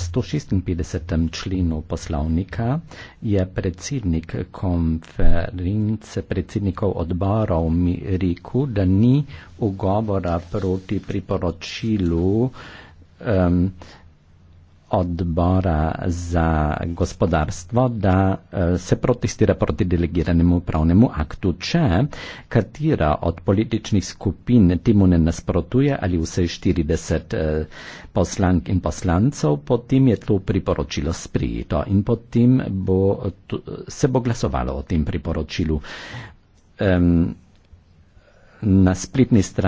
156. členu poslovnika je predsednik konference predsednikov odborov mi rekel, da ni ugovora proti priporočilu um, odbora za gospodarstvo, da eh, se protestira proti delegiranemu pravnemu aktu, če katera od političnih skupin temu ne nasprotuje ali vse 40 eh, poslank in poslancev, potem je to priporočilo sprijeto in potem bo, se bo glasovalo o tem priporočilu. Na spletni strani.